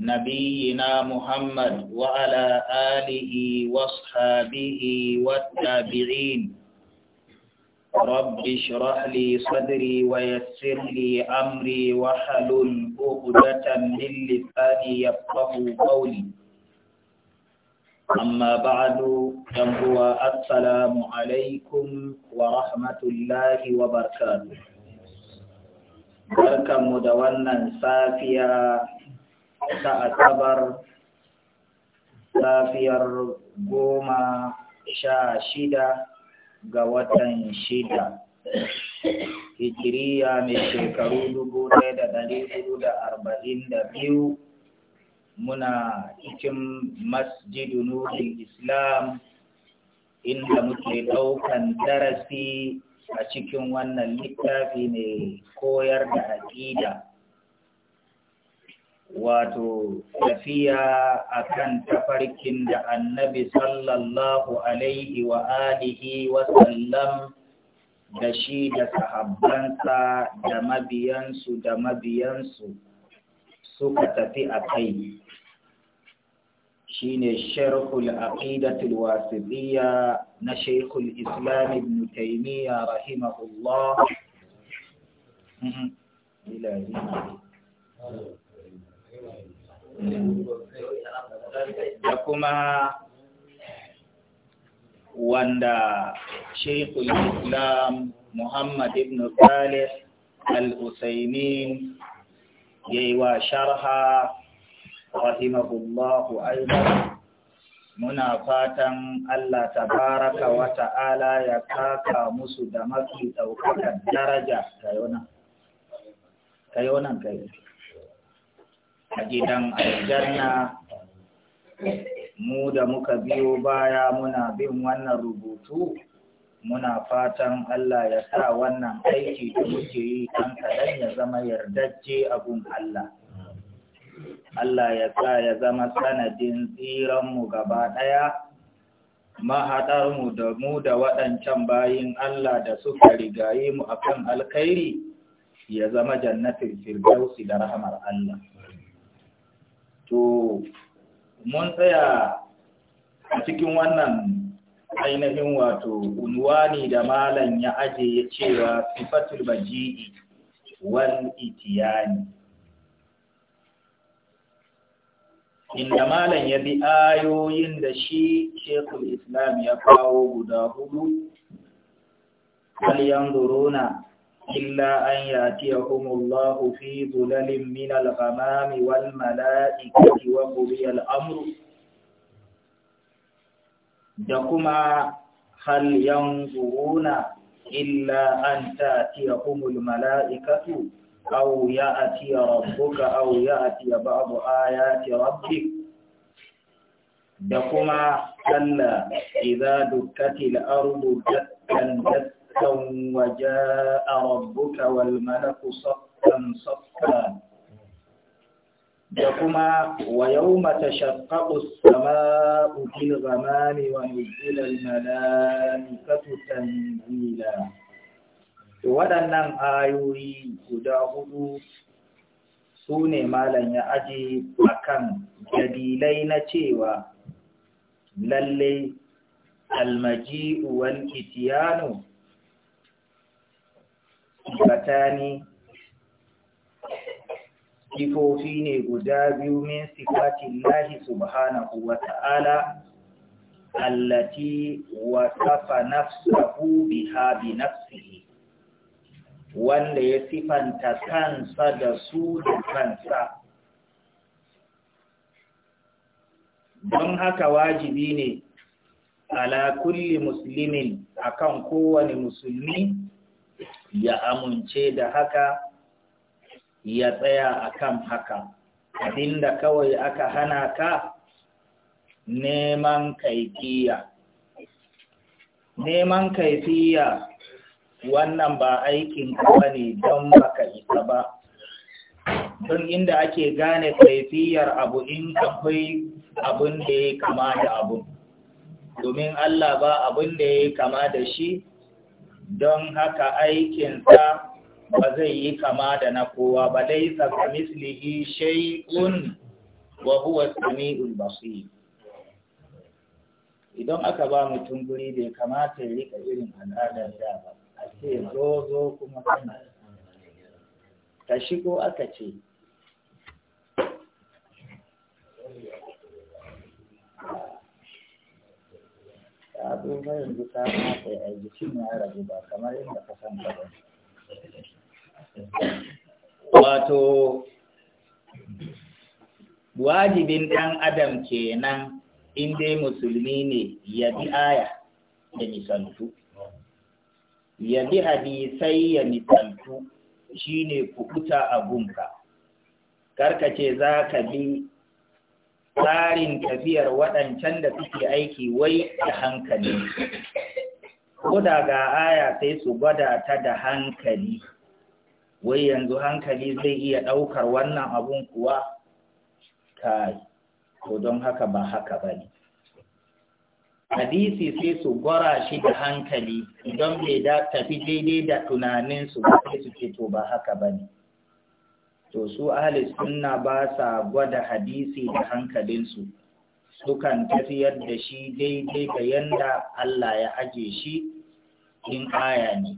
نبينا محمد وعلى آله واصحابه والتابعين رب اشرح لي صدري ويسر لي أمري وحلل عقدة من لساني يفقه قولي أما بعد فهو السلام عليكم ورحمة الله وبركاته barkanmu da wannan safiya ta asabar safiyar goma sha shida ga watan shida hijiriya mai shekaru dubu ɗaya da ɗari hudu da arba'in da biyu muna cikin masjidu nurin islam inda muke ɗaukan darasi a cikin wannan littafi mai koyar da aƙida wato tafiya akan tafarkin da annabi sallallahu alaihi wa alihi wa sallam da shi da sahabbansa da mabiyansu da mabiyansu suka tafi a kai shine sharhul aqidatul wasitiyya na shaykhul islam ibn taymiya rahimahullah mm-hmm. da kuma wanda shekul islam muhammad ibn salih al-usaimin yayi wa sharha rahimahullahu aibar muna fatan allah tabaraka wa ta'ala ya kaka musu da mafi ɗaukakar daraja kayona kayona kayona a gidan aljanna mu da muka biyo baya muna bin wannan rubutu muna fatan Allah ya sa wannan aiki da muke yi kan kaɗan ya zama yardacce abun Allah. Allah ya sa ya zama sanadin mu gaba ɗaya, mahaɗarmu da mu da waɗancan bayin Allah da suka rigaye mu akan alkhairi ya zama jannatin firdausi da rahamar Allah. to mun tsaya a cikin wannan ainihin wato unwani da malam ya aje ya cewa sifatul baji'i wal itiyani inda malam ya bi ayoyin da shi shekul islam ya kawo guda hudu hal yanzuruna إلا أن يأتيهم الله في ظلل من الغمام والملائكة وقضي الأمر دكما هل ينظرون إلا أن تأتيهم الملائكة أو يأتي ربك أو يأتي بعض آيات ربك دكما كلا إذا دكت الأرض دكا دكا صفا وجاء ربك والملك صفا صفا da kuma wa yau mata shakakus sama ukil zamani wa nuzilar malalikatu tanzila waɗannan ayoyi guda hudu su ne malam ya aje a dalilai na cewa lallai, almaji'u wal itiyanu sifatani sifofi ne guda biyu min sifatin lahi subhanahu wa ta'ala allati wasafa nafsahu biha bi nafsihi wanda ya sifanta kansa da su da kansa don haka wajibi ne ala kulli muslimin akan kowane musulmi ya amince da haka ya tsaya akan haka abinda kawai aka hana ka neman kaifiya neman kaifiya wannan ba aikin ka ne don baka isa ba don inda ake gane kaifiyar abu in akwai abin da ya kama da abu domin Allah ba abin da ya kama da shi don haka aikinsa ba zai yi kama da na kowa ba laisa misli mislihi wa huwa sami ulbasi idan aka ba mutum guri bai kamata ya rika irin al'adar da ba a ce zo zo kuma kana ta shigo aka ce ta duba yanzu ta mata ya jikin ya rabu ba kamar yadda ka san ba wato wajibin ɗan adam kenan in dai musulmi ne ya bi aya ya nisantu. ya bi hadisai ya nisantu shine Kar abunka karkace za ka bi tsarin tafiyar waɗancan da suke aiki wai da hankali ko ga aya sai su gwada ta da hankali wai yanzu hankali zai iya ɗaukar wannan abun kuwa kai ko don haka ba haka ba ne hadisi sai su gwara shi da hankali don bai tafi daidai da tunaninsu ba sai su ce to ba haka ba ne to su ahli sunna ba sa gwada hadisi da hankalinsu sukan tafiyar da shi daidai ga yanda Allah ya aje shi in aya ne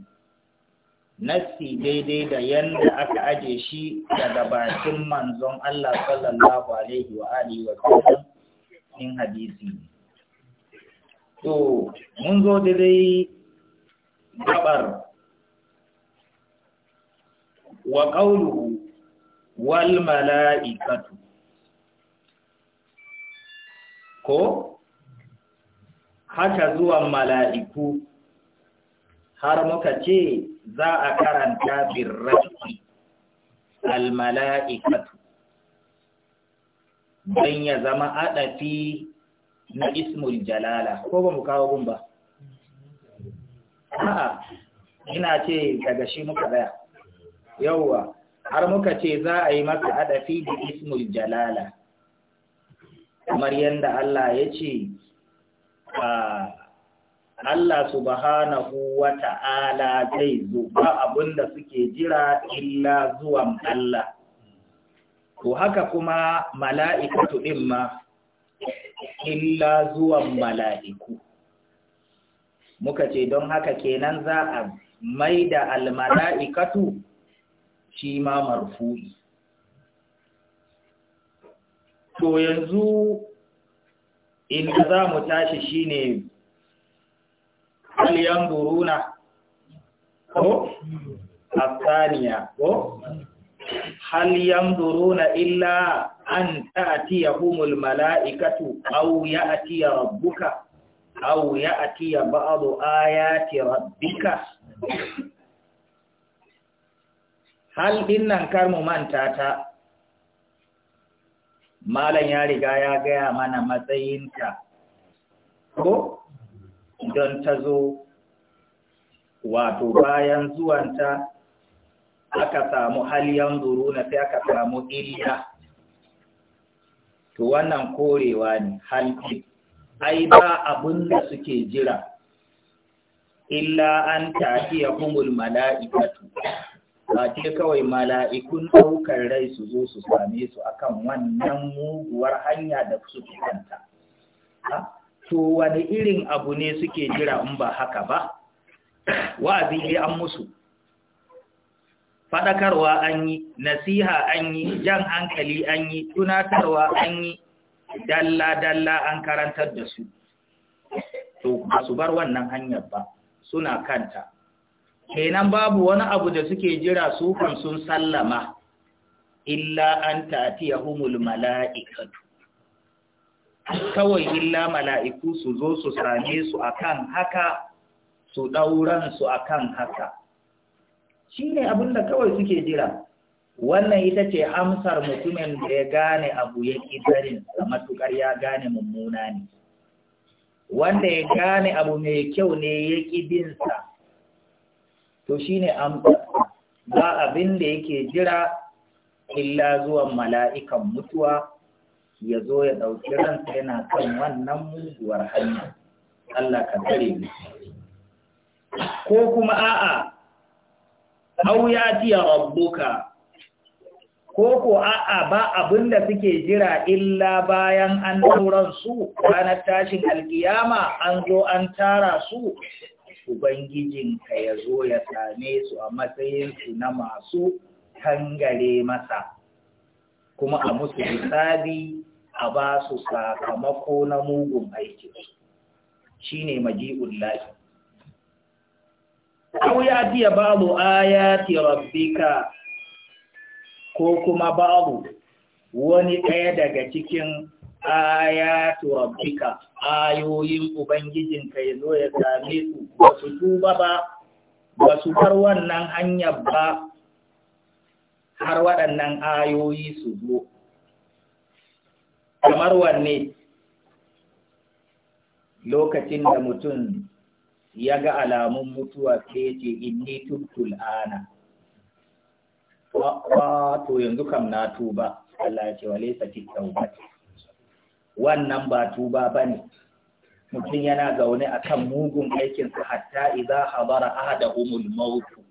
nassi daidai da yanda aka aje shi daga bakin manzon Allah sallallahu alaihi wa alihi wa sallam in hadisi to mun zo dai gabar wa wal ko haka zuwan mala'iku har muka ce za a karanta birrafi al don ya zama adafi na ismul jalala ko ba mu kawo gun ba a'a ina ce daga shi muka daya yauwa har muka ce za a yi masa adafi da ismul jalala kamar yadda Allah ya ce Allah subhanahu wa ta'ala zai zo ba abinda suke jira illa zuwan Allah to haka kuma mala'ikatu ɗin ma illa zuwan mala'iku muka ce don haka kenan za a mai da almala'ikatu shi ma marfu'i to yanzu inda za mu tashi shine aliyan buruna ko asaniya ko hal yanzuruna illa an ta'tiyahumul mala'ikatu aw ya'tiya rabbuka aw ya'tiya ba'du ayati rabbika hal ɗin nan kar mu manta ta malam ya riga ya gaya mana matsayinta ko don ta zo wato bayan zuwanta aka samu haliyan na sai aka samu iliya to wannan korewa ne halki ai ba abin da suke jira illa an tafiya kumul mala'ikatu ba ce kawai mala'ikun ɗaukar rai su zo su same su akan wannan muguwar hanya da su kanta. To wani irin abu ne suke jira in ba haka ba, wa'azi ne an musu. Faɗakarwa an yi, nasiha an yi, jan hankali an yi, tunatarwa an yi, dalla-dalla an karantar da su. To, ba su bar wannan hanyar ba, suna kanta. kenan babu wani abu da suke jira su sun sallama illa an humul mala'ikatu kawai illa mala'iku su zo su same su akan haka su ɗauran su akan haka Shi abin da kawai suke jira wannan ita ce amsar mutumin da ya gane abu ya kidarin da matukar ya gane mummuna ne wanda ya gane abu mai kyau ne ya kidinsa to shine amsa ba abin da yake jira illa zuwan mala'ikan mutuwa ya zo ya ɗauki ransa yana kan wannan muguwar hanya Allah ka tsare ne ko kuma a'a au ya tiya ko ko a'a ba abin da suke jira illa bayan an su ranar tashin alkiyama an zo an tara su Ubangijinka ya zo ya same su a matsayinsu na masu tangare masa, kuma a musu misali a ba su sakamako na mugun aiki shi ne maji'ullahi. Kau ya fiye babu ayati rabbika ko kuma babu wani ɗaya daga cikin ayatu rabbika ayoyin ubangijinka ya zo ya same su ba su tuba ba ba su bar wannan hanyar ba har waɗannan ayoyi su zo kamar wanne lokacin da mutum ya ga alamun mutuwa sai ce inni tubtul ana to yanzu kam na tuba Allah ya ce wa laysa tawbati wannan ba tuba ba ne mutum yana zaune a kan mugun aikinsa hatta idan habara da umul mautu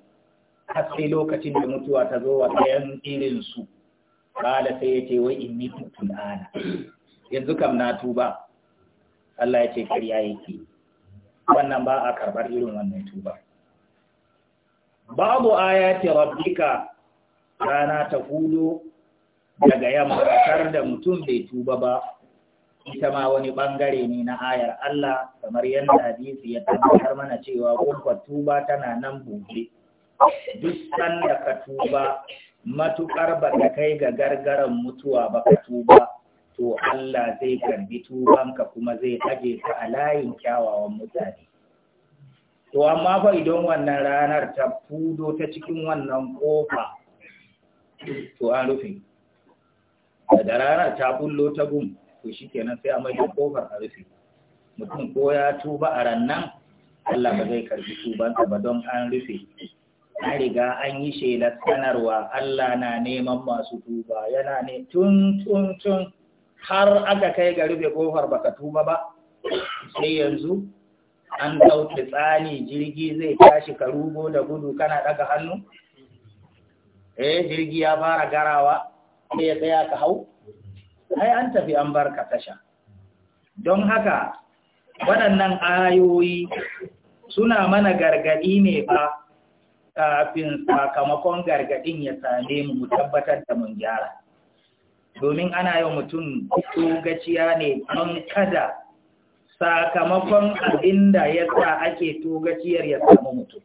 har sai lokacin da mutuwa ta zo wa ɗayan irinsu ƙala sai ya ce wai inni tutun ana yanzu kam na tuba Allah ya ce karya yake wannan ba a karɓar irin wannan tuba babu ayati rabbika rana ta hudu daga yamma Kar da mutum bai tuba ba ita ma wani bangare ne na ayar Allah kamar yadda hadisi ya tabbatar mana cewa kofar tuba tana nan buɗe duk sanda ka tuba matukar ba ka kai ga gargaran mutuwa ba ka tuba to Allah zai karbi tuban ka kuma zai aje ka a layin kyawawan mutane to amma fa idan wannan ranar ta fudo ta cikin wannan kofa to an rufe da ranar ta bullo ta gumi to shi kenan sai a mai da kofar a rufe mutum ko ya tuba a rannan Allah ba zai karbi tubansa ba don an rufe an riga an yi shelar sanarwa Allah na neman masu tuba yana ne tun tun tun har aka kai ga rufe kofar baka tuba ba sai yanzu an dauke tsani jirgi zai tashi ka rugo da gudu kana daga hannu eh jirgi ya fara garawa sai ya tsaya ka hau ai an tafi an barka tasha don haka waɗannan ayoyi suna mana gargaɗi ne ba kafin sakamakon gargaɗin ya same mu mu tabbatar da mun gyara domin ana yi mutum togaciya ne don kada sakamakon abinda ya sa ake togaciyar ya samu mutum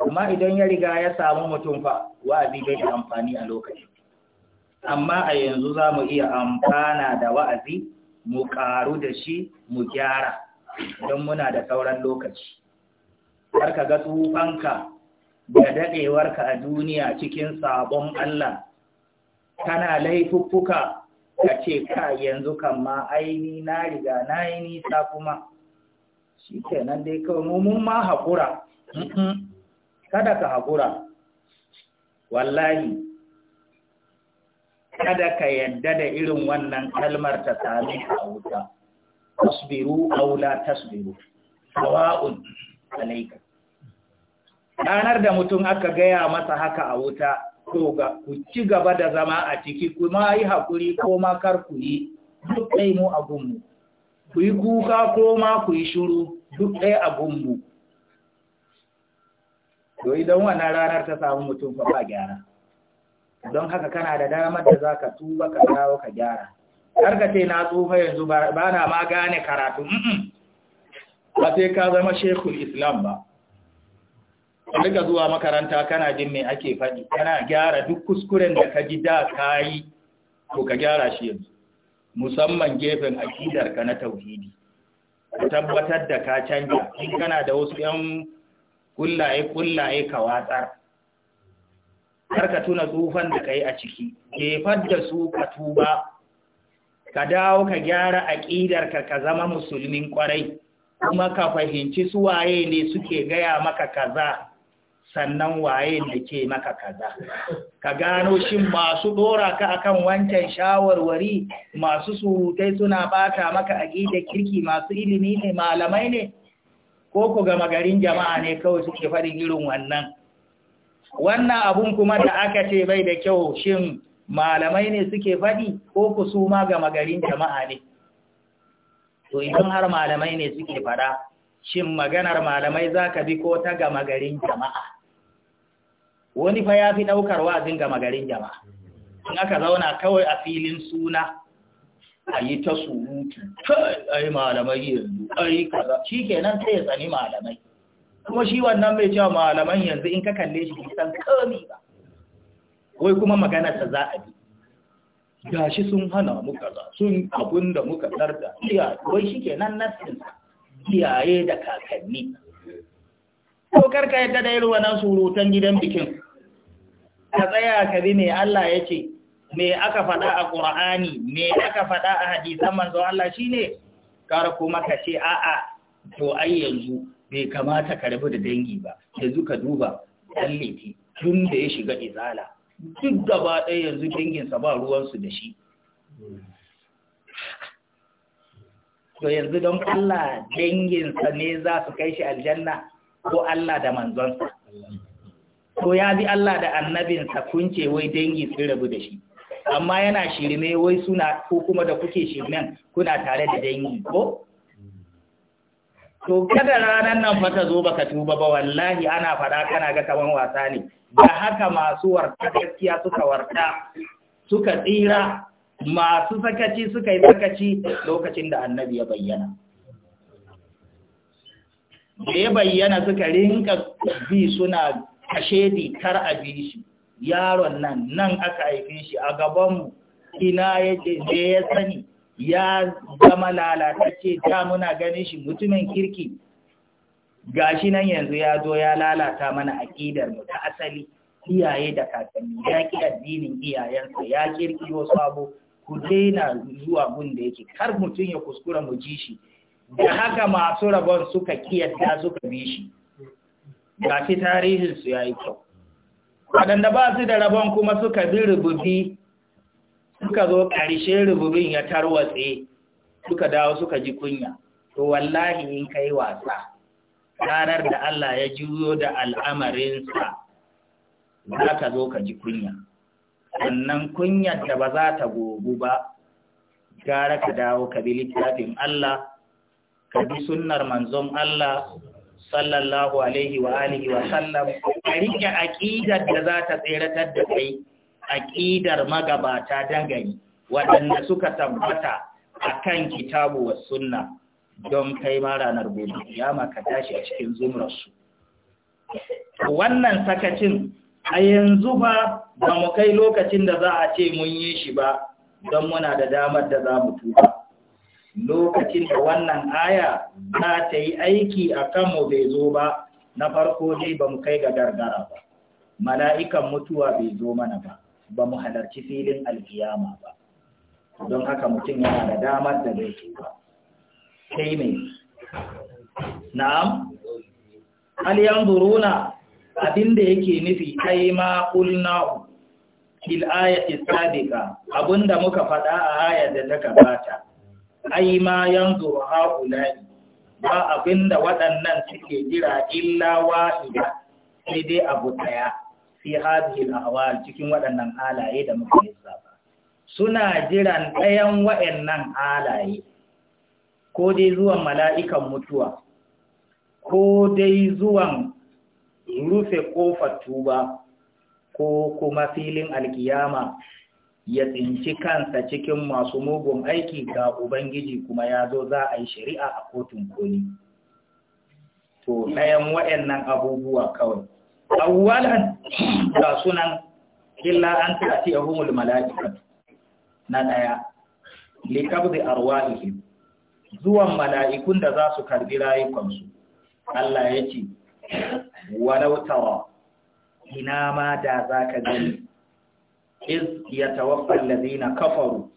amma idan ya riga ya samu mutum fa wa wa'azi bai da amfani a lokacin amma a yanzu za mu iya amfana da wa'azi mu ƙaru da shi mu gyara don muna da sauran lokaci har ka ga tsufanka da daɗewarka a duniya cikin sabon Allah kana laifuffuka ka ce ka yanzu kan ma aini na riga na aini nisa kuma shi kenan dai kawai mummun ma haƙura kada ka haƙura wallahi kada ka yadda da irin wannan kalmar ta sami a wuta tasbiru aula tasbiru sawa'un alaika ranar da mutum aka gaya masa haka a wuta to ga ku ci gaba da zama a ciki kuma yi hakuri ko ma kar ku yi duk ɗai mu a gunmu ku yi kuka ko ma ku yi shuru duk ɗai a gunmu to idan wannan ranar ta samu mutum fa ba gyara don haka kana da damar da za ka tuba ka dawo ka gyara har ka ce na tsufa yanzu ba na ma gane karatu ba sai ka zama shekul islam ba ka zuwa makaranta kana jin mai ake faɗi kana gyara duk kuskuren da ka ji da ka yi ko ka gyara shi yanzu musamman gefen ka na tauhidi ka tabbatar da ka canja in kana da wasu 'yan kullaye kullaye ka watsar Kar ka tuna tsufan da ka yi a ciki jefar da su ka tuba ka dawo ka gyara aƙidarka ka zama musulmin ƙwarai kuma ka fahimci su waye ne suke gaya maka kaza sannan waye ne ke maka kaza ka gano shin masu dora ka akan wancan shawarwari masu surutai suna bata maka aƙidar kirki masu ilimi ne malamai ne ko ku ga garin jama'a ne kawai suke faɗin irin wannan wannan abun kuma da aka ce bai da kyau shin malamai ne suke faɗi ko kusuma ga magarin jama'a ne to idan har malamai ne suke faɗa shin maganar malamai za ka bi ko ta ga magarin jama'a wani fa ya fi ɗaukar wazin ga magarin jama'a in aka zauna kawai a filin suna a yi ta surutu ai malamai yanzu ai kaza shi kenan sai ya tsani malamai kuma shi wannan mai cewa malaman yanzu in ka kalle shi san kami ba wai kuma magana ta za a bi shi sun hana muka za sun abun da muka tarda iya wai ke nan nassin iyaye da kakanni ko karka yadda da irin wannan surutan gidan bikin ka tsaya ka bi mai Allah ya ce me aka faɗa a ƙur'ani me aka faɗa a hadisan manzo Allah shine kar kuma ka ce a'a to ai yanzu bai kamata ka rabu da dangi ba yanzu ka duba ɗalliti tun da ya shiga izala duk gaba ɗaya yanzu danginsa ba ruwansu da shi to yanzu don Allah danginsa ne za su kai shi aljanna ko Allah da manzonsa to ya bi Allah da annabinsa kunce wai dangi sun rabu da shi amma yana shirme wai suna ko kuma da kuke shirmen kuna tare da dangi ko to kada ranar nan fa zo baka tuba ba wallahi ana fada kana ga kaman wasa ne da haka masu warta gaskiya suka warta suka tsira masu sakaci suka yi sakaci lokacin da annabi ya bayyana da ya bayyana suka rinka bi suna di kar a bi shi yaron nan nan aka haife shi a gabanmu ina yake ne ya sani ya zama lalatacce da muna ganin shi mutumin kirki Ga shi nan yanzu ya zo ya lalata mana aƙidar mu ta asali iyaye da kakanni ya ki addinin iyayensa ya kirkiro sabo ku daina zuwa gun da yake kar mutum ya kuskura mu ji shi da haka masu rabon suka kiyasta suka bi shi Ga shi tarihinsu ya yi kyau waɗanda ba su da rabon kuma suka bi rububi suka zo ƙarshe rububin ya tarwatse suka dawo suka ji kunya to wallahi in kai wasa ranar da Allah ya juyo da al'amarinsa za ka zo ka ji kunya sannan kunyar da ba za ta gobu ba gara ka dawo ka bi littafin Allah ka bi sunnar manzon Allah sallallahu alaihi wa alihi wa sallam ka rike aqidar da za ta tseratar da kai aƙidar magabata dangane waɗanda suka tabbata a kan kitabu wa sunna don kai ma ranar gobe ya maka tashi a cikin zumrarsu wannan sakacin a yanzu ba ba mu kai lokacin da za a ce mun yi shi ba don muna da damar da za mu tuba lokacin da wannan aya za ta yi aiki a kanmu bai zo ba na farko dai ba mu kai ga gargara ba mala'ikan mutuwa bai zo mana ba ba mu halarci filin alkiyama ba don haka mutum yana da damar da zai tuba sai mai na'am hal yanzuruna abinda yake nufi kai ma qulna fil ayati sabiqa abinda muka faɗa a ayar da ta gabata ai ma yanzuru haula ba abinda waɗannan suke jira illa wahida sai dai abu ɗaya fi hadhihi al-ahwal cikin waɗannan halaye da muke lissafa suna jiran ɗayan waɗannan halaye ko dai zuwan mala'ikan mutuwa ko dai zuwan rufe kofar tuba ko kuma filin alkiyama ya tsinci kansa cikin masu mugun aiki ga ubangiji kuma ya zo za a yi shari'a a kotun koli to ɗayan waɗannan abubuwa kawai awwalan ga sunan illa an a ahumul malaikatu na daya li arwahihim zuwan mala'ikun da za su karbi rayukansu Allah ya ce walau tara ina ma da zaka gani iz tawaffa alladhina kafaru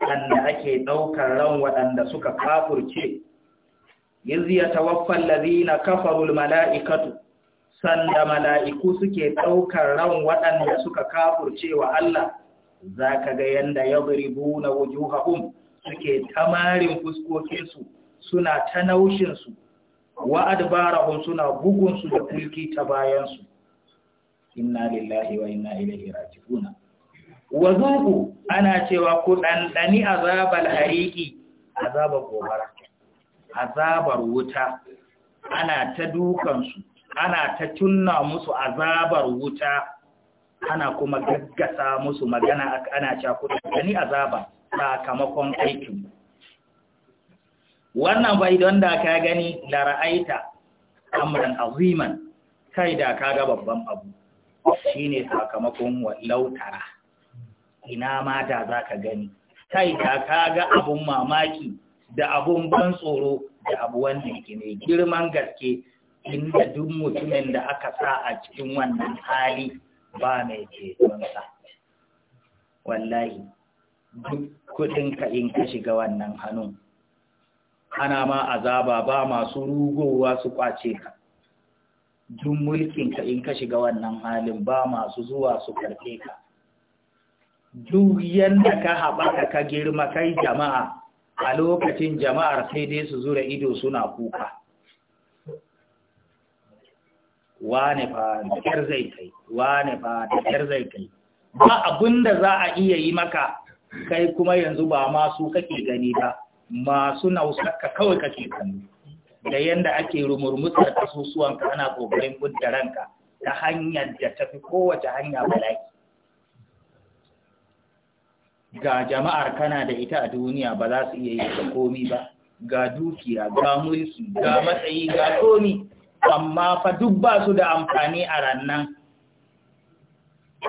wanda ake ɗaukar ran waɗanda suka kafurce, yanzu ya tawaffan lazina kafarul mala'ikatu, sanda mala'iku suke ɗaukar ran waɗanda suka kafurce wa Allah za ka ga yanda ya buribu na wujuhahum suke tamarin fuskokinsu suna ta naushinsu su suna bugunsu da kulki ta bayansu inna lillahi wa inna ilaihi raji'una wa zuku ana cewa ku ɗanɗani azabal hariki azabar gobara azabar wuta ana ta dukansu ana ta tunna musu azabar wuta ana kuma gaggasa musu magana ana ku gani azaba sakamakon aikin wannan bai don da ka gani da ra'aita amran aziman kai da ka ga babban abu shine sakamakon lautara ina ma da za gani kai da ka ga abun mamaki da abun ban tsoro da abu wanda yake girman gaske inda duk mutumin da aka sa a cikin wannan hali ba mai cetonsa wallahi duk kudinka in ka shiga wannan hannun ana ma azaba ba masu rugowa su kwace ka duk mulkinka in ka shiga wannan halin ba masu zuwa su karfe ka duk yadda ka haɓaka ka girma kai jama'a a lokacin jama'ar sai dai su zura ido suna kuka wane fa da kyar zai kai wane fa da kyar zai kai ba abun da za a iya yi maka kai kuma yanzu ba masu kake gani ba masu nausaka, kawai kake gani da yanda ake rumurmutsar kasusuwanka ana kokarin budda ranka ta hanyar da tafi kowace hanya bala'i ga jama'ar kana da ita a duniya ba za su iya yi da komi ba ga dukiya ga mulki ga matsayi ga komi amma fa duk ba su da amfani a rannan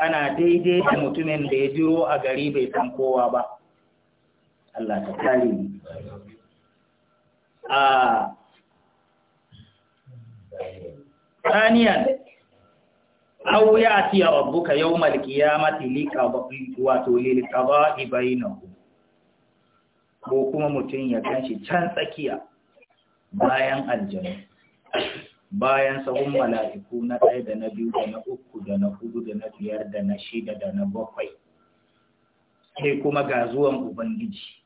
ana daidai da mutumin da ya jiro a gari bai san kowa ba Allah ta kare ni a saniyan aw ya'ti rabbuka yawm al-qiyamati liqaba'i wato ko kuma mutum ya ganshi can tsakiya bayan aljanu bayan sahun mala'iku na ɗaya da na biyu da na uku da na hudu da na biyar da na shida da na bakwai sai kuma ga zuwan ubangiji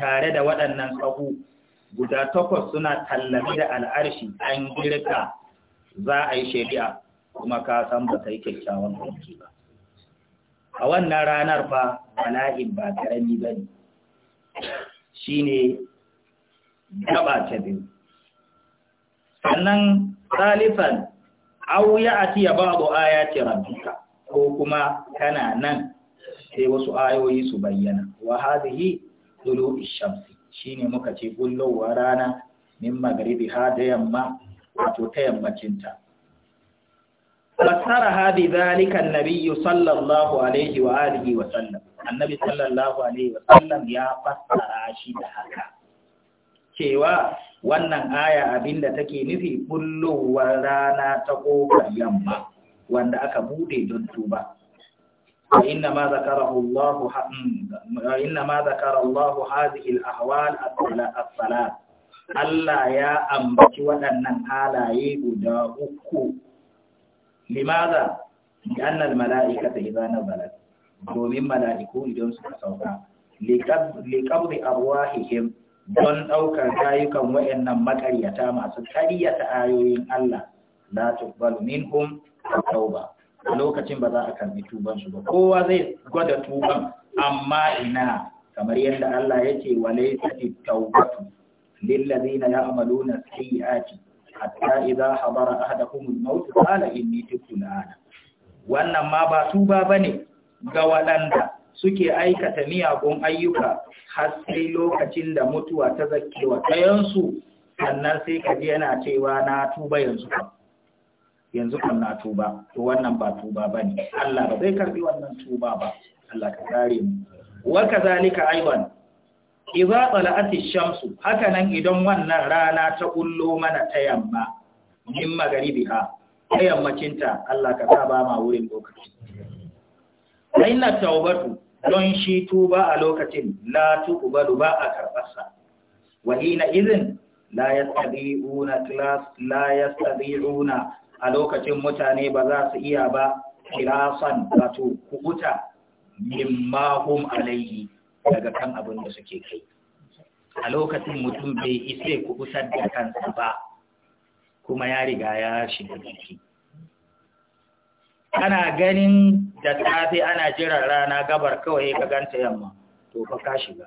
tare da waɗannan sahu guda takwas suna tallafi da al'arshi an girka za a yi shari'a kuma ka san ba yi kyakkyawan aiki ba a wannan ranar ba bala'in ba karami ba ne shi ne gaba ta biyu sannan salifan aw ya'ti ba'du ayati rabbika ko kuma kana nan sai wasu ayoyi su bayyana wa hadhihi tulu shamsi shine muka ce wa rana min magribi ha yamma wato ta yammacinta fassara hadi zalika annabiyyu sallallahu alaihi wa alihi wa sallam annabi sallallahu alaihi wa sallam ya fassara shi da haka cewa wannan aya abinda take nufi kullowar rana ta kofar yamma wanda aka bude don tuba إنما ذكره الله إنما ذكر الله هذه الأحوال الصلاة Allah ya ambaci waɗannan halaye guda uku limaza annal mala'ikata idza nazalat domin mala'iku idan suka sauka liqabri arwahihim don ɗaukar rayukan waɗannan maƙaryata masu ƙaryata ayoyin Allah la tuqbalu minhum tauba a lokacin ba za a karbi tuban su ba kowa zai gwada tuban amma ina kamar yadda Allah yake walaysa at-taubatu lil ladina ya'maluna sayyi'ati hatta idza hadara ahadakum al-maut qala inni tubtu wannan ma ba tuba bane ga waɗanda suke aikata miyagun ayyuka har sai lokacin da mutuwa ta wa ɗayansu sannan sai ka ji yana cewa na tuba yanzu yanzu kan na tuba to wannan ba tuba ba ne Allah ba zai karbi wannan tuba ba Allah ka tsare mu wa kazalika aiban idza tala'at ash-shamsu haka nan idan wannan rana ta kullo mana ta yamma min magaribiha ta yammacinta Allah ka saba ma wurin lokaci fa inna taubatu don shi tuba a lokacin la tuqbalu ba a karbarsa wa na izin la yastadi'una class la a lokacin mutane ba za su iya ba kirasan wato kubuta mimma hum alayhi daga kan abin da suke kai a lokacin mutum bai ise kubutar da kansa ba kuma ya riga ya shiga jiki ana ganin da safe ana jiran rana gabar kawai ka ganta yamma to fa ka shiga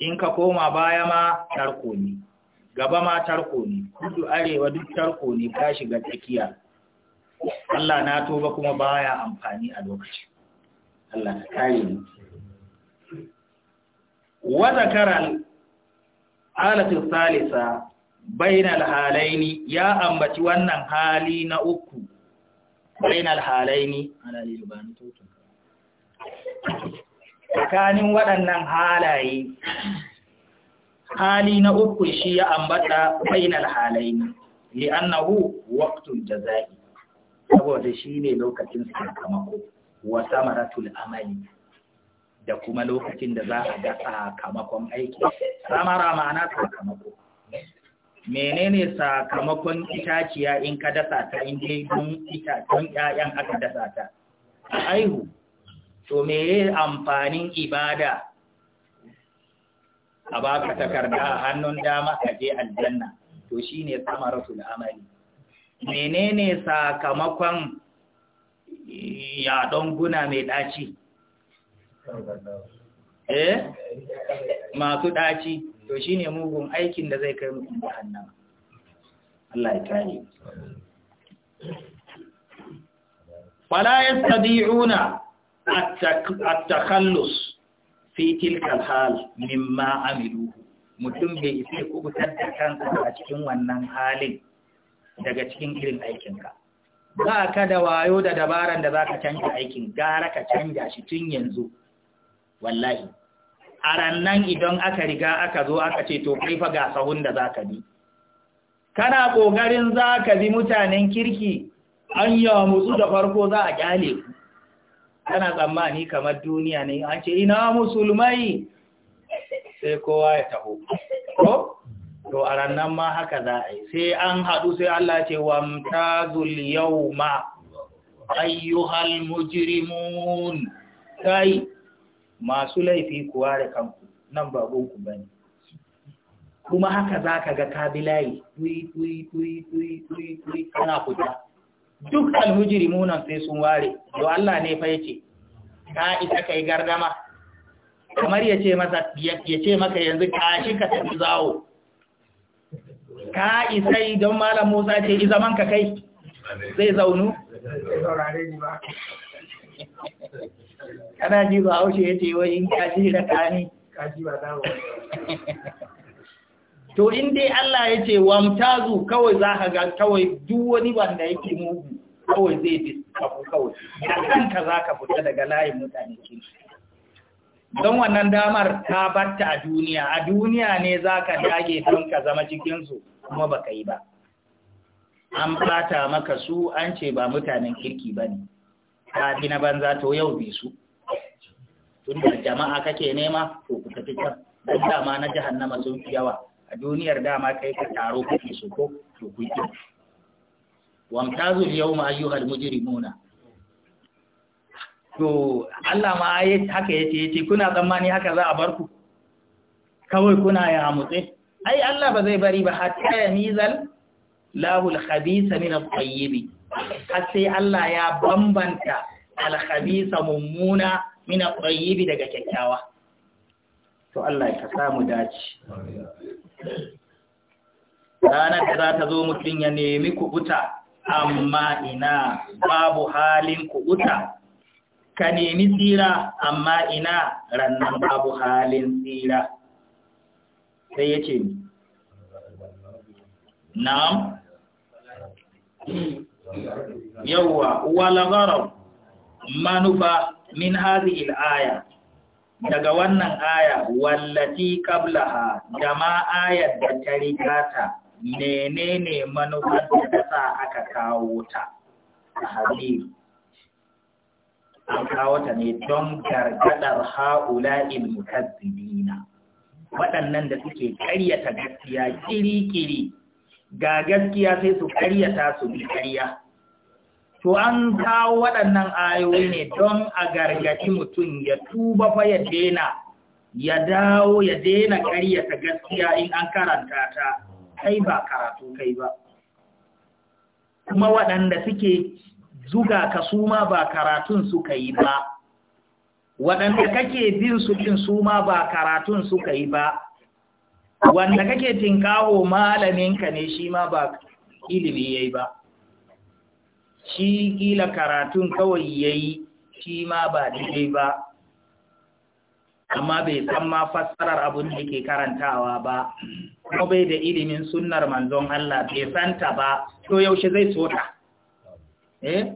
in ka koma baya ma tarko ne gaba ma tarko ne kudu arewa duk tarko ne ka shiga tsakiya Allah na toba kuma baya amfani a lokaci. Allah ka kare ni wa zakara alati salisa bainal halaini ya ambaci wannan hali na uku bain alhalaini tsakanin waɗannan halaye hali na uku shi ya ambata bain alhalaini li'annahu waqtul jazai saboda shine lokacin sakamako wa samaratul amali da kuma lokacin da za a ga sakamakon aiki samara ma'ana sakamako menene sakamakon itaciya in ka dasa ta in dai don itacen ƴaƴan aka dasa ta aihu to meye amfanin ibada a baka takarda a hannun dama a je aljanna to shi ne shine samaratul amali menene sakamakon yaɗon guna mai ɗaci eh masu ɗaci to ne mugun aikin da zai kai mu jahannama Allah ya kari fala yastadi'una at-takhallus fi tilka al-hal mimma amiluhu mutum bai isa kubutar da kansa a cikin wannan halin daga cikin irin aikinka ba ka da wayo da dabaran da za ka canja aikin gara ka canja shi tun yanzu wallahi a rannan idan aka riga aka zo aka ce to kai fa ga sahun da ka bi kana ƙoƙarin za ka bi mutanen kirki an wa musu da farko za a ƙyale kana tsammani kamar duniya ne an ce ina musulmai sai kowa ya taho ko to a rannan ma haka za a yi sai an haɗu sai Allah ce yau ma. ayyuhal mujirimun kai masu laifi ku ware kanku nan ba gunku ba ne kuma haka za ka ga kabilayi tui tui tui ana fita duk alhujiri munan sai sun ware yau Allah ne fa yace ka isa yi gardama kamar ya ce maka yanzu ka shi ka tafi zawo ka isa don malam Musa ce i zaman ka kai zai zaunu saurare ba kana ji ba haushe ya ce wai kashi da kani kashi ba dawo to in dai Allah ya ce wa wamtazu kawai za ka ga kawai duk wani wanda yake mugu kawai zai fi kafu kawai da kanka za ka fita daga layin mutane ke don wannan damar ta batta a duniya a duniya ne za ka dage don ka zama cikinsu kuma ba ka yi ba an fata maka su an ce ba mutanen kirki ba ne ta fi na banza to yau bi su tunda jama'a kake nema to ku tafi can dan dama na jahannama sun fi yawa a duniyar dama kai ka taro kake so ko to ku yi wamtazu yawma ayyuhal mujrimuna to Allah ma haka yace yace kuna tsammani haka za a bar ku kawai kuna ya mutse ai Allah ba zai bari ba hatta ya mizal lahul khabisa min at-tayyib har sai Allah ya bambanta al-khabisa mummuna mina ƙwayibi daga kyakkyawa to Allah ka samu dace ranar da za ta zo mutum ya nemi kubuta amma ina babu halin kubuta ka nemi tsira amma ina rannan babu halin tsira sai ya ce na'am yauwa wala manufa min hadhihi al-aya daga wannan aya wallati qablaha jama ayat da ta menene manufar da ta sa aka kawo ta hadhihi an kawo ta ne don gargadar ha'ula'il mukazzibina waɗannan da suke ƙaryata gaskiya kiri-kiri ga gaskiya sai su ƙaryata su bi ƙarya to an kawo waɗannan ayoyi ne don a gargadi mutum ya tuba fa ya dena ya dawo ya dena karyata gaskiya in an karanta ta kai ba karatu kai ba kuma waɗanda suke zuga ka su ma ba karatun suka yi ba waɗanda kake bin su ɗin su ma ba karatun suka yi ba wanda kake tinkawo malaminka ne shi ma ba ilimi ya yi ba shi gila karatun kawai yayi shi ma ba daidai ba amma bai san ma fassarar abin da ke karantawa ba kuma bai da ilimin sunnar manzon Allah bai santa ba to yaushe zai sota eh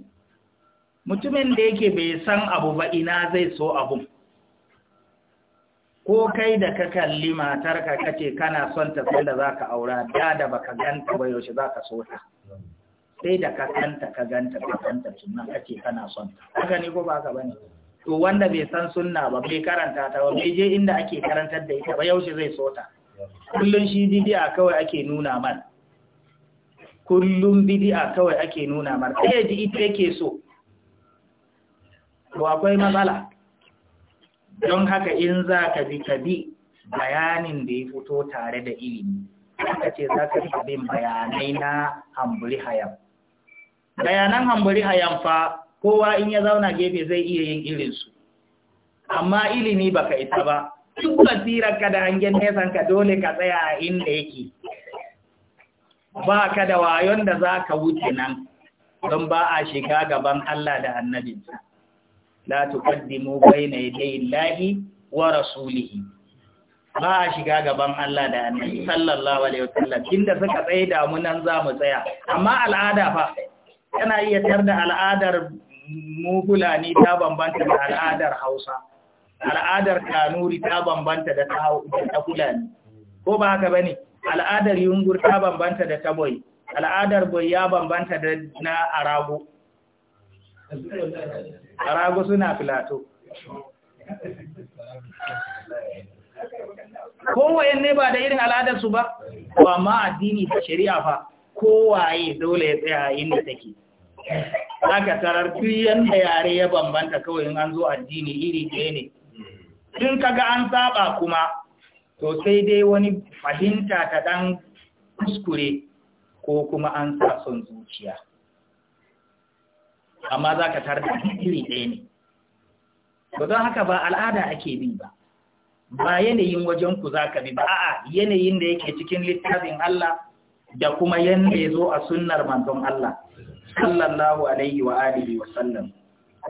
mutumin da yake bai san abu ba ina zai so abu? ko kai da ka kalli matar matarka kace kana son ta sai da ka aura da da baka ganta ba yaushe zaka so ta sai da ka kanta ka ganta ka kanta sunna ake kana son ta haka ne ko ba haka bane to wanda bai san sunna ba bai karanta ta ba bai je inda ake karantar da ita ba yaushe zai so ta kullun shi a kawai ake nuna man kullun a kawai ake nuna mar sai ji ita yake so to akwai matsala don haka in za ka bi ka bi bayanin da ya fito tare da ilimi Aka ce za ka bin bayanai na hambuli hayab bayanan hambari a yamfa kowa in ya zauna gefe zai iya yin irinsu amma ilimi baka isa ba duk basirarka da hangen nesan ka dole ka tsaya a inda yake ba ka da wayon da za ka wuce nan don ba a shiga gaban Allah da annabinsa la tuqaddimu bayna yadayi llahi wa rasulihi ba a shiga gaban Allah da annabi sallallahu alaihi wasallam inda suka tsaye da mu nan za mu tsaya amma al'ada fa Yana iya tar da al'adar mugulani ta bambanta da al'adar hausa al'adar kanuri ta bambanta da ta fulani ko ba haka ba ne al'adar yungur ta bambanta da ta boy al'adar boy ya bambanta da na arago arago suna filato kowayen ne ba da irin al'adarsu ba ba ma addini da shari'a ba kowaye dole ya tsaya inda take aka tarar duk yanda yare ya bambanta kawai in an zo addini iri ɗaya ne in kaga an saba kuma to sai dai wani fahimta ta ɗan kuskure ko kuma an sa son zuciya amma za ka tarda iri ɗaya ne to don haka ba al'ada ake bi ba ba yanayin wajen ku za ka bi ba A'a, yanayin da yake cikin littafin Allah da kuma yanda ya zo a sunnar manzon Allah sallallahu alaihi wa alihi wa sallam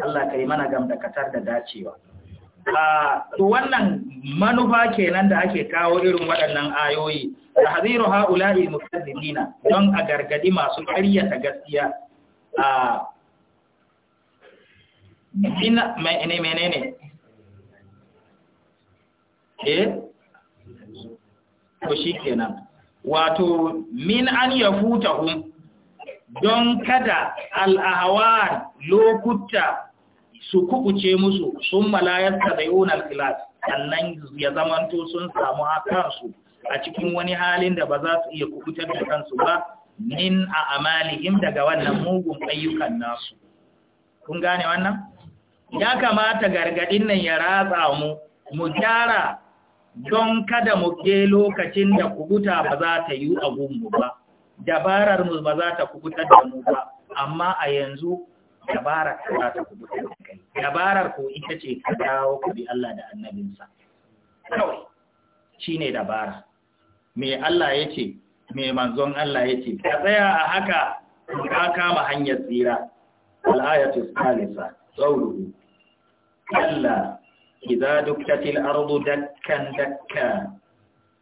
Allah kai mana gamdakatar da dacewa a to wannan manufa kenan da ake kawo irin waɗannan ayoyi tahziru haula'i mukazzibina don a gargadi masu ta gaskiya a ina menene ne? eh to shikenan wato min an yafutahum don kada al'ahawar lokuta su kubuce musu sun malayar tsarayon filas, sannan ya zamanto sun samu kansu a cikin wani halin da ba za su iya kukutar da kansu ba min a amalihim daga wannan mugun ayyukan nasu. Kun gane wannan? Ya kamata gargaɗin nan ya ratsa mu, mu gyara don kada mu ke lokacin da kubuta ba za ta yi a gungu ba. dabarar mu ba za ta kubutar da mu ba amma a yanzu dabarar ta za ta kubutar da kai dabarar ko ita ce ka dawo ka bi Allah da annabinsa kawai shine dabara me Allah ce? me manzon Allah yace ka tsaya a haka ka kama hanyar tsira al-ayatu salisa qawluhu kalla idza dukkatil ardu dakkan dakka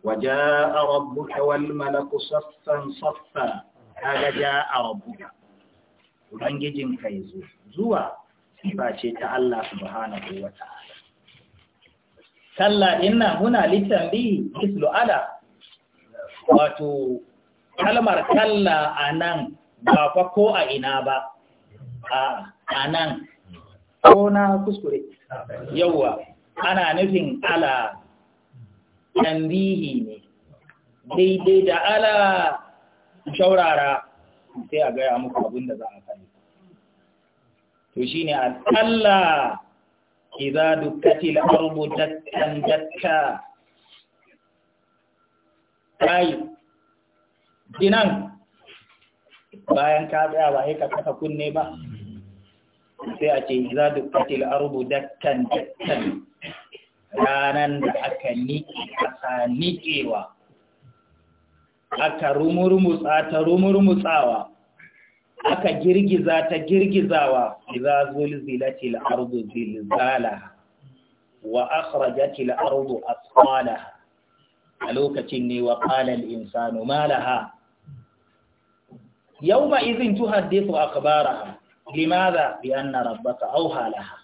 وجاء ربك والملك صفا صفا هذا جاء ربك ubangijin ka yi zuwa sifa ta Allah subhanahu wa ta'ala ina muna huna litambi mislu ala wato kalmar kalla anan ba fa ko a ina ba a nan, ko na kuskure yawa ana nufin ala tambihi ne daidai da ala shaurara sai a gaya muku abin da za a to shi ne a tsalla iza dukkati la'arbu dakkan dakka kai dinan bayan ka tsaya ba ka kasa kunne ba sai a ce iza dukkati la'arbu dakkan dakkan ranan da aka niƙe ƙasa niƙewa aka rumurmutsa ta rumurmutsawa aka girgiza ta girgizawa idza zulzilatil ardu zilzalaha wa akhrajatil ardu asqalaha a lokacin ne wa Yau al insanu ma laha yawma idhin tuhaddisu akhbaraha limadha bi anna rabbaka auha laha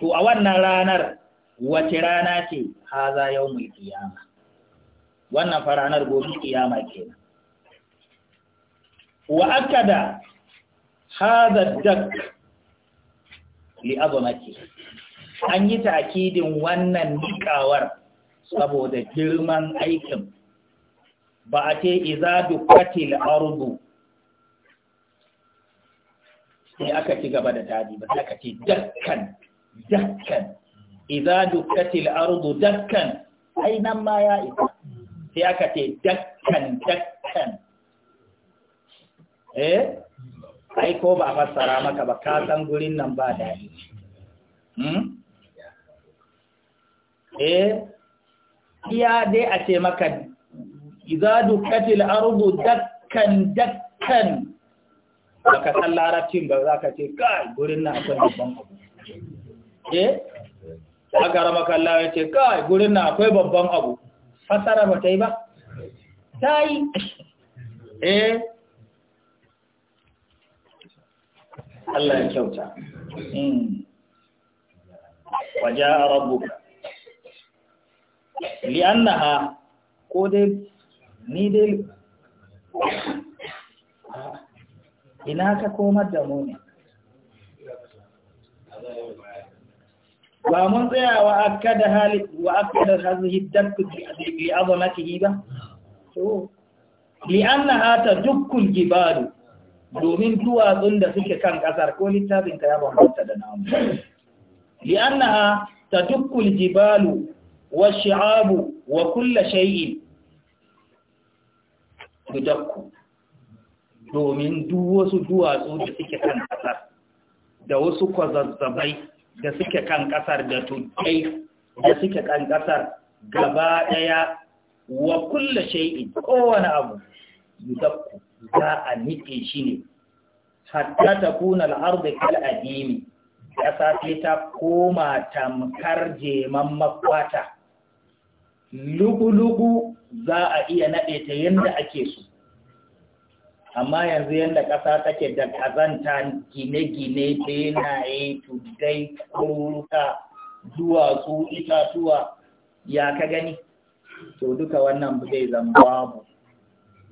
to a wannan ranar wace rana ce "Ha za yau mai kiyama wannan fa ranar gobe kiyama kenan wa aka ha haza dak li azamati an yi ta'kidin wannan nikawar saboda girman aikin ba a ce iza dukkatil ardu sai aka ci gaba da dadi ba aka ce dakkan dakkan idza dukatil ardu dakkan aina ma ya ita sai aka ce dakkan dakkan eh ai ko ba fassara maka ba ka san gurin nan ba shi hmm eh iya dai a ce maka idza dukatil ardu dakkan dakkan baka san larabcin ba za ka ce kai gurin nan akwai babban abu Eh? Da aka rama kalla ya ce kai gurin na akwai babban abu fasara ba ta yi ba ta yi eh Allah ya kyauta hmm. waje a rabuka ha! ko dai ni dai ina ka komar da mu ne ba mun tsaya wa akada hali wa akada hazihi dakku bi azamatihi ba to li hata dukkul jibalu domin duwatsun da suke kan kasar ko littafin ka ya bambanta da namu li ta dukkul jibalu wa shi'abu wa kullu shay'in tudakku domin duk wasu duwatsu da suke kan kasar da wasu kwazazzabai da suke kan ƙasar da tuddai da suke kan kasar gaba ɗaya wa kulla shay'in kowane abu yudakku za a nike shi ne hatta ta kuna al'ardu kal adimi ƙasa ce ta koma tamkar jeman makwata lugu-lugu za a iya nade ta yanda ake so amma yanzu yadda ƙasa take da ƙazanta gine-gine benaye tuddai ƙururuka duwatsu itatuwa ya ka gani to duka wannan zai zama babu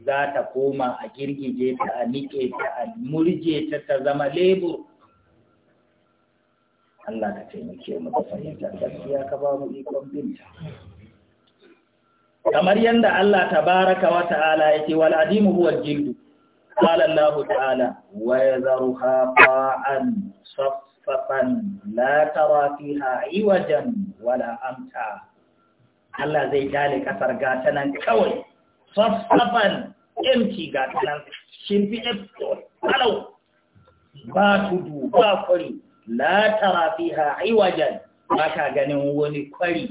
za ta koma a girgije ta a niƙe ta a murje ta ta zama lebur Allah ka taimake mu da fahimtar gaskiya ka ba mu ikon binta kamar yadda Allah tabaraka wa ta'ala yake wal adimu huwa jildu قال الله تعالى ويذرها قاعا صفصفا لا ترى فيها عوجا ولا أمتا Allah zai dale kasar gatanan kawai sassafan empty gatanan shimfi kalau ba tudu ba kwari la tara fiha iwajan ba ka ganin wani kwari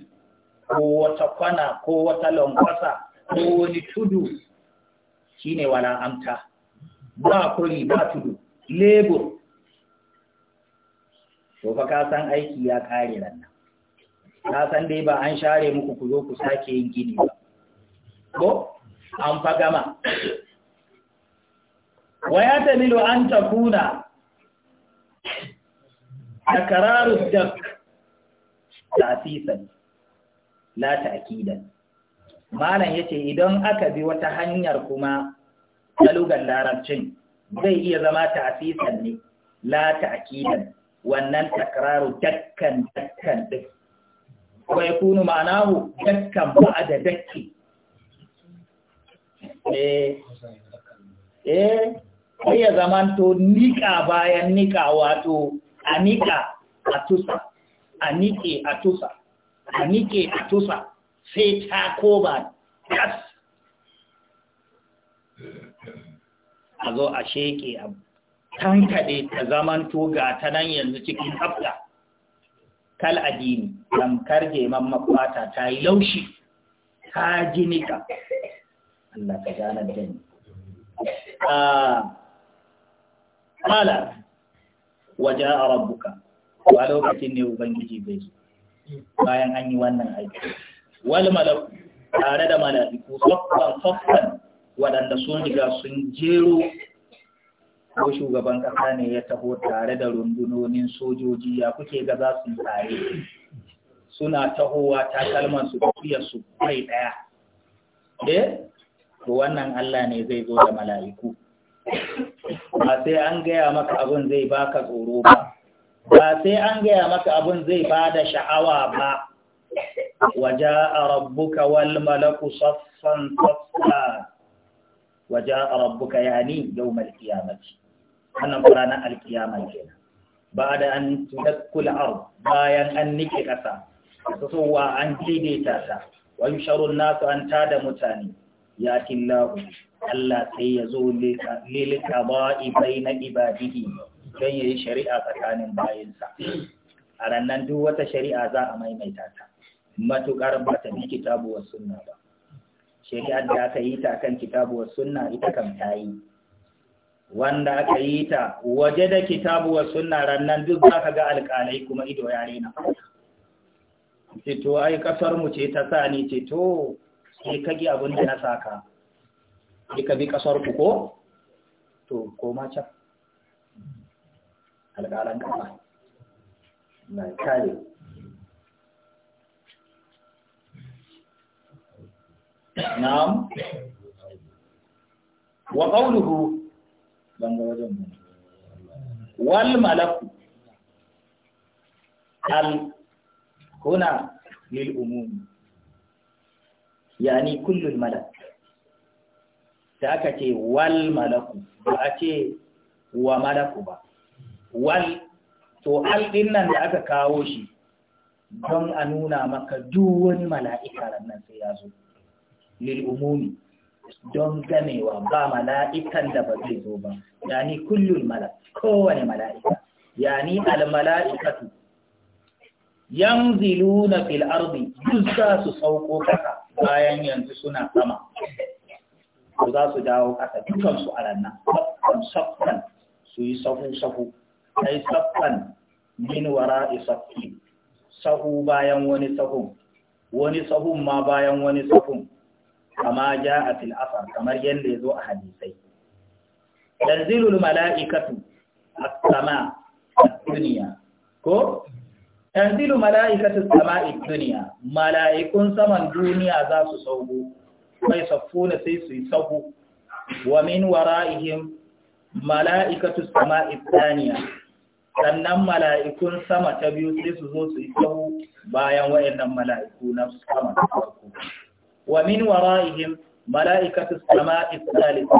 ko wata kwana ko wata lankwasa ko wani tudu shine wala amta ba kuri ba tudu labor to fa ka san aiki ya kare nan ka san dai ba an share muku ku zo ku sake yin gini ba ko an fa gama wa ya tamilu an takuna takararud dak ta'sisan la ta'kidan malam yace idan aka bi wata hanyar kuma na lugar larabcin zai iya zama ta'asisan ne la ta'kidan wannan takraru dakkan dakkan din wa kunu ma'anahu dakkan ba'da dakki eh eh sai ya zaman to nika bayan nika wato a nika a tusa a nike a tusa a nike a tusa sai ta koba tas a zo a sheƙe a tankaɗe ta zaman ga ta nan yanzu cikin tsafta kal addini tamkar jeman makwata ta yi laushi ta jinika Allah ka ganar da ni kala waje a rabbuka Wa lokacin ne ubangiji bai zo bayan an yi wannan aiki wal malaku tare da mala'iku soffan soffan waɗanda sun riga sun jero ko shugaban ƙasa ne ya taho tare da rundunonin sojoji ya kuke ga za su tare suna tahowa kalmar su tafiya su kai ɗaya eh to wannan Allah ne zai zo da mala'iku ba sai an gaya maka abin zai baka tsoro ba ba sai an gaya maka abin zai bada sha'awa ba waja a rabbuka wal malaku saffan saffa waje rabbuka yani yawmal qiyamati annan qur'ana al qiyamah kenan ba'da an tudakkul ard bayan an nike kasa sosowa an daidaita ta wa yusharu an-nasu an tada mutane ya tinahu Allah sai ya zo lil qada'i baina ibadihi dan yayi shari'a tsakanin bayansa. sa a ranan duk wata shari'a za a maimaita ta matukar ba ta likita bu wasunna ba shari'ar da aka yi ta kan kitabuwar sunna ita kam ta yi wanda aka yi ta waje da kitabuwar sunna rannan duk za ka ga alƙalai kuma ido ya rena to ai kasar mu ce ta sa ni ce to sai kage abin da na saka sai ka bi kasar ku ko to koma can alƙalan kafa na kare na'am wa qawluhu ban wal malaku al huna lil umum yani kullu al malak da aka ce wal malaku ba a ce wa malaku ba wal to al nan da aka kawo shi don a nuna maka duk wani mala'ika nan sai ya zo lil'umumi don gamewa ba mala'ikan da ba zai zo ba yani kullum mala kowane mala'ika yani almala'ikatu yanziluna fil ardi duk za su sauko kasa bayan yanzu suna sama ko za su dawo kasa dukan su alanna saffan saffan su yi safu safu ai saffan min wara'i saffi sahu bayan wani sahun wani sahun ma bayan wani sahun kama ja a fil kamar yadda ya zo a hadisai tanzilul mala'ikatu as-sama ad-dunya ko tanzilu mala'ikatu as-sama'i ad mala'ikun saman duniya za su sauko sai saffuna sai su yi sauko wa min mala'ikatu as-sama'i ad sannan mala'ikun sama ta biyu sai su zo su yi sauko, bayan waɗannan mala'iku na sama ta farko wa min wara'ihim mala'ikatu sama'i salisa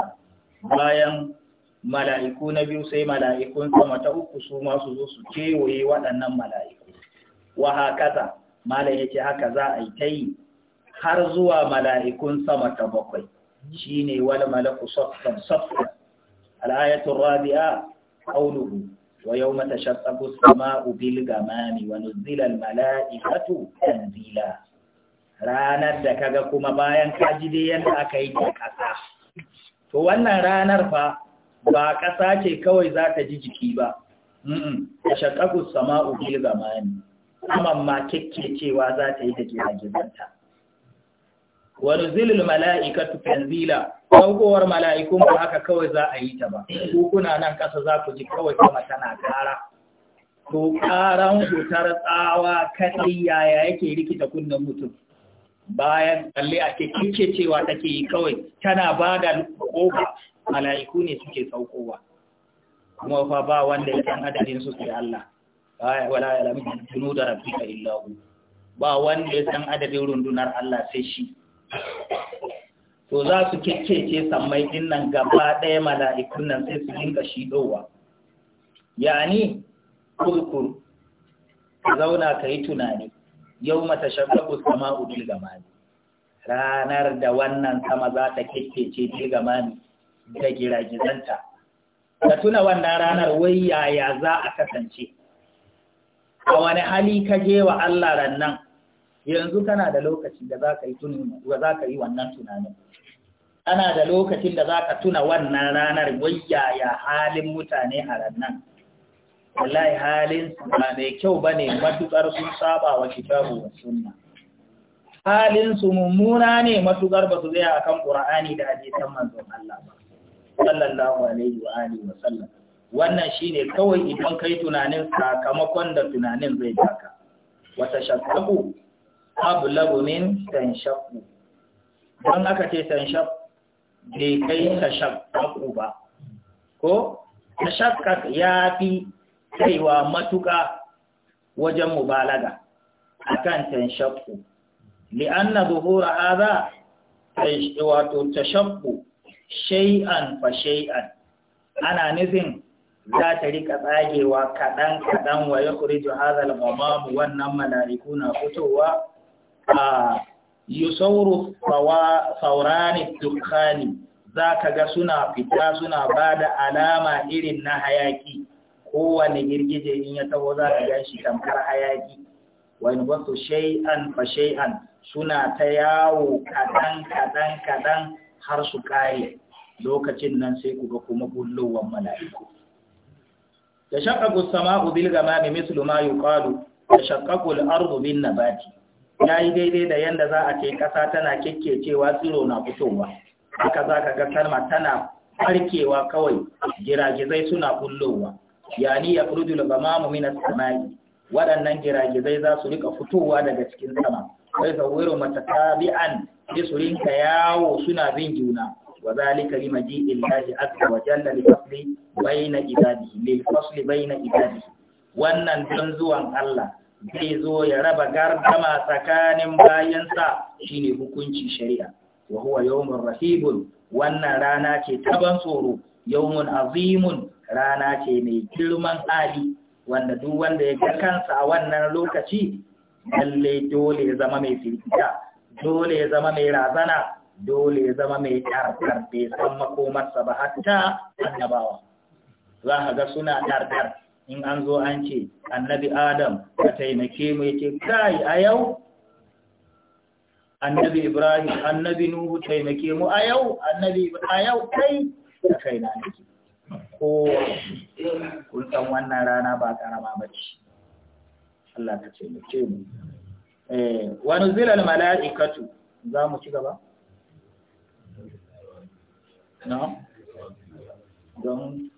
bayan mala'iku na biyu sai mala'ikun sama ta uku su ma su zo su kewaye waɗannan mala'iku wa hakaza malam yace haka za a yi ta yi har zuwa mala'ikun sama ta bakwai shine wal malaku saffan saffan al rabi'a qawluhu wa yawma tashaqqaqu as-sama'u bil ghamami malaikatu tanzila ranar da kaga kuma bayan ka ji dai yadda aka yi ta ƙasa to wannan ranar fa ba ƙasa ce kawai za ta ji jiki ba ta shaƙaƙu sama bil zamani saman ma cewa za ta yi da Wani zilil mala’ika mala'ikatu tanzila ɗaukowar mala'ikun ba haka kawai za a yi ta ba kukuna nan ƙasa za ku ji kawai kuma tana ƙara to ƙaran hutar tsawa kaɗai yaya yake rikita kunnen mutum bayan tsalle a ce kinke cewa take yi kawai tana ba da ƙofa mala'iku ne suke saukowa kuma fa ba wanda ya san adadin su sai Allah baya wala ya lamu tunu da rabbika illahu ba wanda ya san adadin rundunar Allah sai shi to za su kekkece sammai din nan gaba ɗaya mala'ikun nan sai su dinga shi shidowa yani kurkur zauna ka yi tunani yau mata sama udul gamani ranar da wannan sama za ta dil gamani da giragizanta ka tuna wannan ranar wai yaya za a kasance a wani hali ka je wa Allah rannan yanzu kana da lokacin da za ka yi za ka yi wannan tunanin ana da lokacin da za ka tuna wannan ranar wai yaya halin mutane a rannan wallahi halin ba mai kyau ba ne matuƙar sun saba wa kitabu wa sunna halin su mummuna ne matuƙar ba su zai akan qur'ani da hadisan manzon Allah ba sallallahu alaihi wa alihi wa sallam wannan shine kawai idan kai tunanin sakamakon da tunanin zai baka wa tashaqqu ablagu min tanshaqqu dan aka ce tanshaku, bai kai tashakku ba ko tashakka ya fi kaiwa matuƙa wajen mubalaga akan tanshaqqu li'anna zuhura hadha to tashaqqu shay'an fa shay'an ana nufin za ta rika tsagewa kaɗan kaɗan wa ya kuriju al gamamu wannan malariku na fitowa a yusauru faurani dukkani za ka ga suna fita suna ba da alama irin na hayaki kowane girgije in ya taho za ka gan shi tamkar hayaki wani wasu shay'an fa shay'an suna ta yawo kaɗan kaɗan kaɗan har su kare lokacin nan sai ku ga kuma bullowar mala'iku Da shaƙaƙu sama'u bil gamami mislu ma yuqalu ta al-ardu bin nabati yayi daidai da yanda za a ce ƙasa tana kekkecewa tsiro na fitowa haka za ka ga tana farkewa kawai giragizai suna bullowa yani ya furdu da gamamu min as waɗannan giragizai za su rika fitowa daga cikin sama sai sawiru matatabi'an sai su rinka yawo suna bin juna wa zalika lima ji illahi azza wa jalla li fasli bayna ibadihi li fasli bayna ibadihi wannan don zuwan Allah zai zo ya raba gardama tsakanin bayansa shine hukunci shari'a wa huwa yawmur rahibun wannan rana ce taban tsoro yawmun azimun rana ce mai girman hali wanda duk wanda ya ga kansa a wannan lokaci lalle dole ya zama mai firgita dole ya zama mai razana dole ya zama mai ɗarɗar bai san makomarsa ba hatta annabawa za ka ga suna ɗarɗar in an zo an ce annabi adam ka taimake mu yace kai a yau annabi ibrahim annabi nuhu taimake mu a yau annabi a yau kai a kai na nake ko kun san wannan rana ba karama ba ce Allah ta ce mu ce mu eh wa nuzila al malaikatu za mu ci gaba na don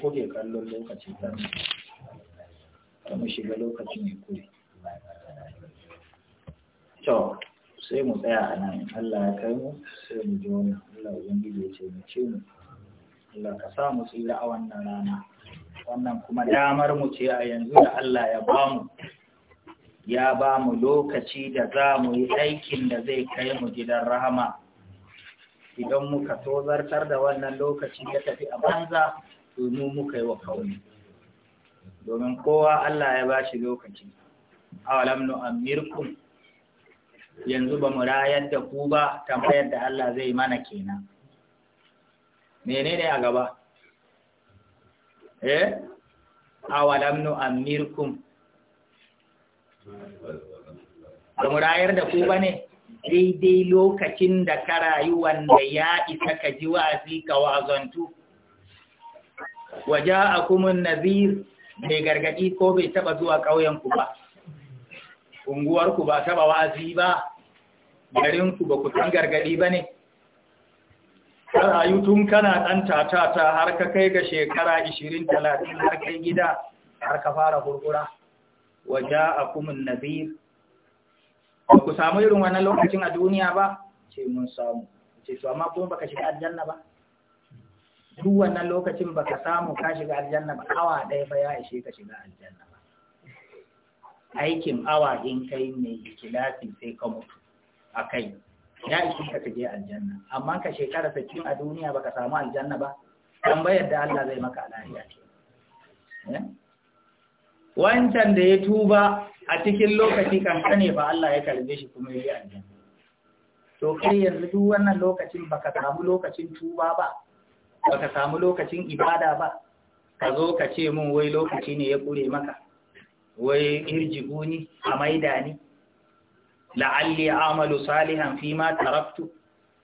kuke kallon lokacin kan mu shiga lokacin ne kuri to sai mu tsaya a nan Allah ya kai mu sai mu ji wani Allah ubangiji ya taimake mu Allah ka sa mu tsira a wannan rana wannan kuma damar mu ce a yanzu da Allah ya bamu ya bamu lokaci da za mu yi aikin da zai kai mu gidan rahama idan muka tozartar da wannan lokaci ya tafi a banza domin muka yi wa kauni domin kowa Allah ya ba shi lokaci awalam nu yanzu ba mu rayar da ku ba tambayar da Allah zai mana kenan ne a gaba eh awalam nu amirkum ba mu rayar da ku ba ne daidai lokacin da ka rayu wanda ya isa ka ji wa'azi ka wazantu. waja akumun nazir mai gargadi ko bai taɓa zuwa ƙauyenku ba unguwarku ba ba wa'azi ba garinku ba ku san gargaɗi ba ne yi tun kana ɗan tatata har ka kai ga shekara 20-30 har kai gida har ka fara gurgura. waje a kumin nazir ba ku samu irin wannan lokacin a duniya ba ce mun samu ce to amma kuma baka shiga aljanna ba duk wannan lokacin baka samu ka shiga aljanna ba awa ɗaya ba ya ishe ka shiga aljanna ba aikin awa in kai mai ikilasi sai ka mutu a kai ya ishi ka je aljanna amma ka shekara sakin a duniya baka samu aljanna ba tambayar da Allah zai maka alahiya ke eh? wancan da ya tuba a cikin lokaci kan kankane fa Allah ya kalbe shi kuma ya yi aljanna to kai yanzu duk wannan lokacin baka samu lokacin tuba ba baka samu lokacin ibada ba ka zo ka ce mun wai lokaci ne ya kure maka wai irji'uni a maida ni la'alli amalu salihan fi ma taraktu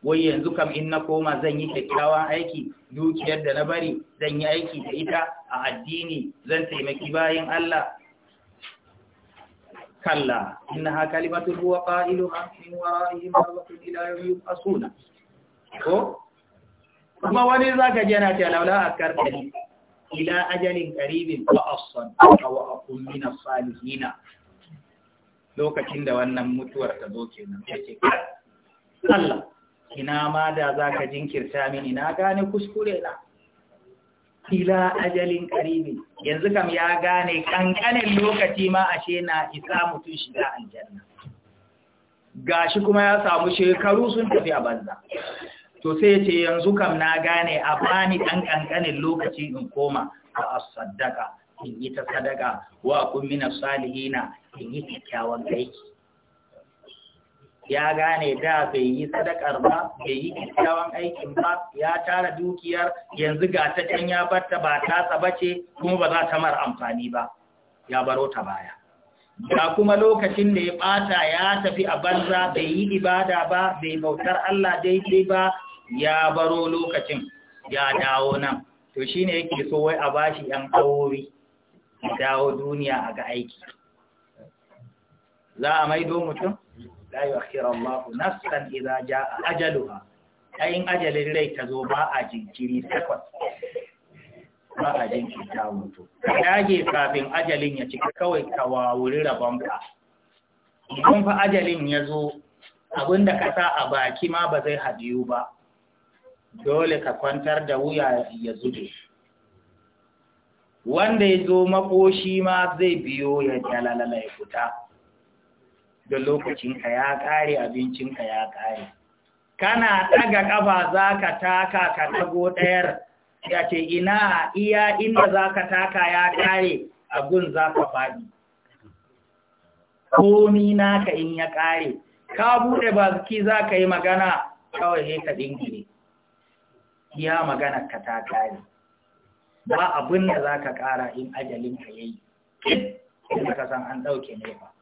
wai yanzu kam in na koma zan yi kyakkyawan aiki dukiyar da na bari zan yi aiki da ita a addini zan taimaki bayan Allah kalla innaha kalimatu huwa qailuha min wara'ihim barzakhun ila yawmi asuna. ko kuma wani zaka je na ce laula akartani ila ajalin qaribin fa as-sadaqa aqum min as-salihin lokacin da wannan mutuwar ta zo kenan yace Allah ina ma da zaka jinkirta mini na gane kuskure na ila ajalin qaribin yanzu kam ya gane kankanin lokaci ma ashe na isa mutun shiga aljanna gashi kuma ya samu shekaru sun tafi a banza to sai ce yanzu kam na gane a bani ɗan ƙanƙanin lokaci in koma a sadaka in yi ta sadaka wa kummina salihina in yi kyakkyawan aiki ya gane da bai yi sadakar ba bai yi kyakkyawan aikin ba ya tara dukiyar yanzu ga ta can ya ta ba ta tsaba ce kuma ba za ta mara amfani ba ya baro ta baya ga kuma lokacin da ya ɓata ya tafi a banza bai yi ibada ba bai bautar Allah daidai ba ya baro lokacin ya dawo nan to shine yake so wai a bashi yan awowi dawo duniya a ga aiki za a maido mutum la yu'akhiru Allahu nafsan idza jaa ajaluha ayin ajalin rai ta zo ba a jinkiri takwas ba a jinkiri ta mutu dage kafin ajalin ya cika kawai ka wawuri ka kun fa ajalin ya zo abinda ka sa a baki ma ba zai hadiyu ba dole ka kwantar da wuya ya zube wanda ya zo maƙoshi ma zai biyo ya jalalala ya fita da lokacinka ya kare abincinka ya kare kana ɗaga ƙafa za ka taka ka tago ɗayar ya ce ina iya inda za ka taka ya kare abin za ka faɗi komi naka in ya kare ka buɗe baki za ka yi magana kawai sai ka ɗingire iya magana ka ta kare ba abin da za ka ƙara in ajalin ka yayi kuma ka san an ɗauke ne ba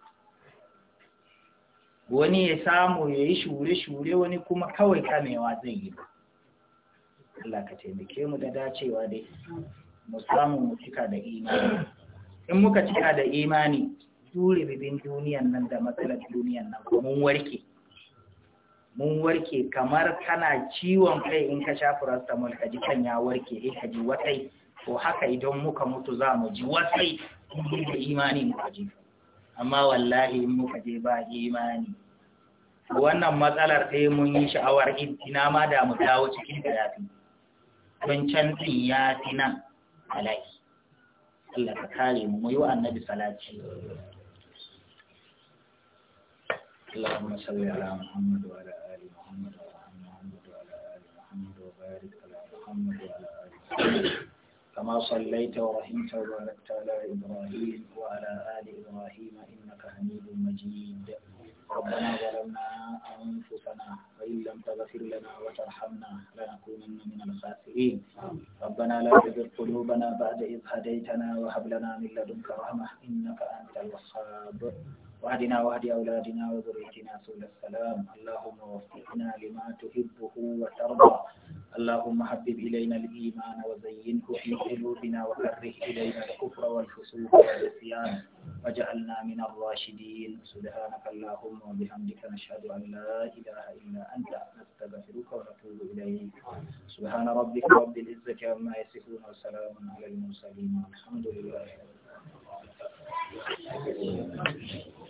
wani ya samu ya yi shure-shure wani kuma kawai kamewa zai yi ba Allah ka taimake mu da dacewa dai mu samu mu cika da imani in muka cika da imani dure bibin duniyan nan da matsalar duniyan nan mun warke mun warke kamar kana ciwon kai in ka sha paracetamol ka ji kan ya warke eh ka ji watai ko haka idan muka mutu za mu ji watai mun da imani mu ji amma wallahi in muka je ba imani wannan matsalar sai mun yi sha'awar ina ma da mu dawo cikin da yafi don can din ya fi nan alaki Allah ka kare mu mu yi wa annabi salati اللهم صل على محمد وعلى آله محمد وعلى محمد وعلى آل محمد وبارك على محمد وعلى آل محمد كما صليت ورحمت وباركت على إبراهيم وعلى آل إبراهيم إنك حميد مجيد ربنا ظلمنا أنفسنا وإن لم تغفر لنا وترحمنا لنكونن من الخاسرين ربنا لا تزغ قلوبنا بعد إذ هديتنا وهب لنا من لدنك رحمة إنك أنت الوهاب وأهدنا وأهدي أولادنا وذريتنا سبل السلام اللهم وفقنا لما تحبه وترضى اللهم حبب إلينا الإيمان وزينه في قلوبنا وكره إلينا الكفر والفسوق والعصيان واجعلنا من الراشدين سبحانك اللهم وبحمدك نشهد أن لا إله إلا أنت نستغفرك ونتوب إليك سبحان ربك رب العزة عما يصفون وسلام على المرسلين والحمد لله رب العالمين